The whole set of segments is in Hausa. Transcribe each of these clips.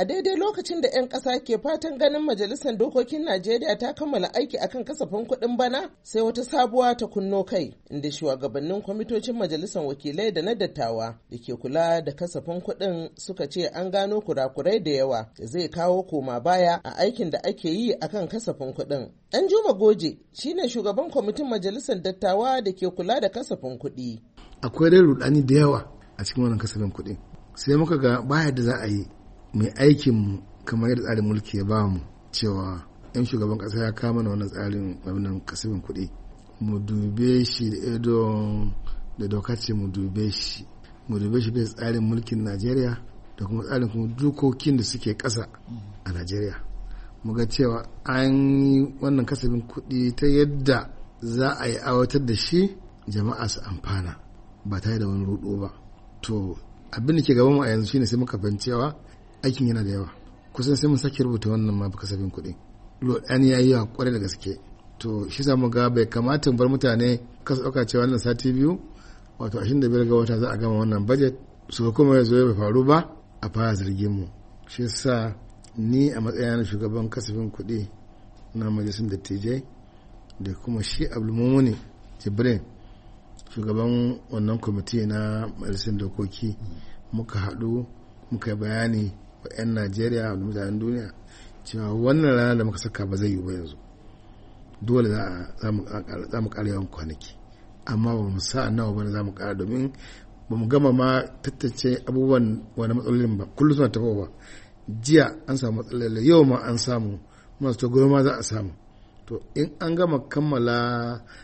a daidai lokacin da 'yan ƙasa ke fatan ganin majalisar dokokin najeriya ta kammala aiki akan kasafin kuɗin bana sai wata sabuwa ta kunno kai inda shugabannin kwamitocin majalisar wakilai da na dattawa da ke kula da kasafin kuɗin suka ce an gano kurakurai da yawa da zai kawo koma baya a aikin da ake yi akan kasafin kuɗin dan juma goje shine shugaban kwamitin majalisar dattawa da ke kula da kasafin kuɗi akwai dai da yawa a cikin wannan kasafin kuɗin sai muka ga baya da za a yi mai aikinmu kamar yadda tsarin mulki ya ba mu cewa yan shugaban kasa ya kama na wannan tsarin wannan kasafin kuɗi mu dube shi da edo da doka ce mu dube shi mu dube shi bisa tsarin mulkin najeriya da kuma tsarin kuma dukokin da suke ƙasa a najeriya mu ga cewa an yi wannan kasafin kuɗi ta yadda za a yi awatar da shi jama'a su amfana ba ta yi da wani ruɗo ba to abin da ke gaban mu a yanzu shine sai muka fahimci cewa aikin yana da yawa kusan sai mun sake rubuta wannan ma kasafin kuɗi lodani ya yi yawa kwarai da gaske to shi samu ga bai kamata bar mutane kasa ɗauka cewa wannan sati biyu wato ashirin da biyar ga wata za a gama wannan budget su kuma ya zo bai faru ba a fara zargin mu shi sa ni a matsayin shugaban kasafin kuɗi na majalisun dattijai da kuma shi abdulmumuni jibrin shugaban wannan kwamiti na majalisun dokoki muka haɗu muka bayani wa 'yan najeriya da mutanen duniya cewa wannan rana da muka saka ba zai yi ba yanzu dole za mu ƙara yawan kwanaki amma ba mu sa nawa ba za mu ƙara domin ba mu gama ma tattace abubuwan wani matsalolin ba kullum suna tafawa ba jiya an samu matsalolin yau ma an samu masu to ma za a samu to in an gama kammala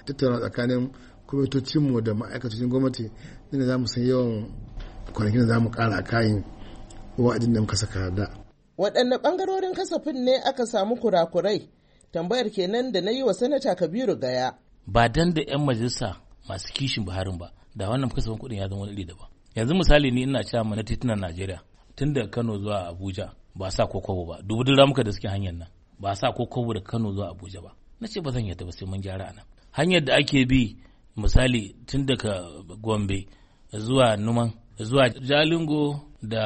tattauna tsakanin kwamitocinmu da ma'aikatocin gwamnati ne za mu san yawan kwanakin da za mu ƙara a kayan wa'adin da muka saka da. Waɗanne ɓangarorin kasafin ne aka samu kurakurai? Tambayar kenan da na yi wa Sanata Kabiru Gaya. Ba dan da 'yan majalisa masu kishin Buharin ba, da wannan kasafin kuɗin ya zama wani iri daban. Yanzu misali ni ina cewa mana titunan Najeriya tun da Kano zuwa Abuja ba sa ko kobo ba, dubu duk ramuka da suke hanyar nan ba sa ko kobo da Kano zuwa Abuja ba. Na ce ba zan yadda ba sai mun gyara nan. Hanyar da ake bi misali tun daga Gombe zuwa Numan zuwa Jalingo da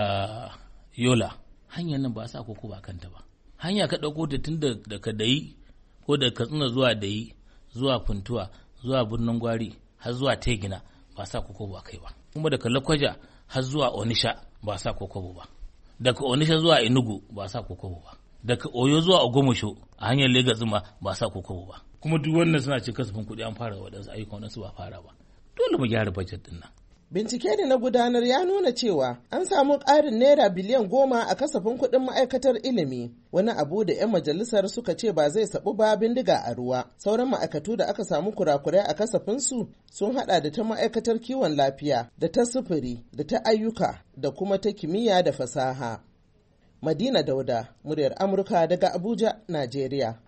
yola hanyar nan ba sa koko ba kanta ba hanya ka ɗauko ta tun da ka dayi ko da ka katsina zuwa dayi zuwa funtuwa zuwa birnin gwari har zuwa tegina ba sa koko ba kai ba kuma daga lakwaja har zuwa onisha ba sa koko ba daga onisha zuwa enugu ba sa koko ba daga oyo zuwa ogomosho a hanyar legas zuma ba sa koko ba kuma duk wannan suna cin kasafin kuɗi an fara waɗansu ayyukan waɗansu ba fara ba dole mu gyara bajet ɗin nan Bincike da na gudanar ya nuna cewa an samu ƙarin naira biliyan goma a kasafin kuɗin ma'aikatar ilimi, wani abu da 'yan majalisar suka ce ba zai saɓi ba bindiga a ruwa. Sauran ma'aikatu da aka samu kurakurai a kasafinsu sun haɗa da ta ma'aikatar kiwon lafiya, da ta sufuri, da ta ayyuka, da kuma ta kimiyya da fasaha. Madina Dauda, muryar Amurka daga Abuja, Najeriya.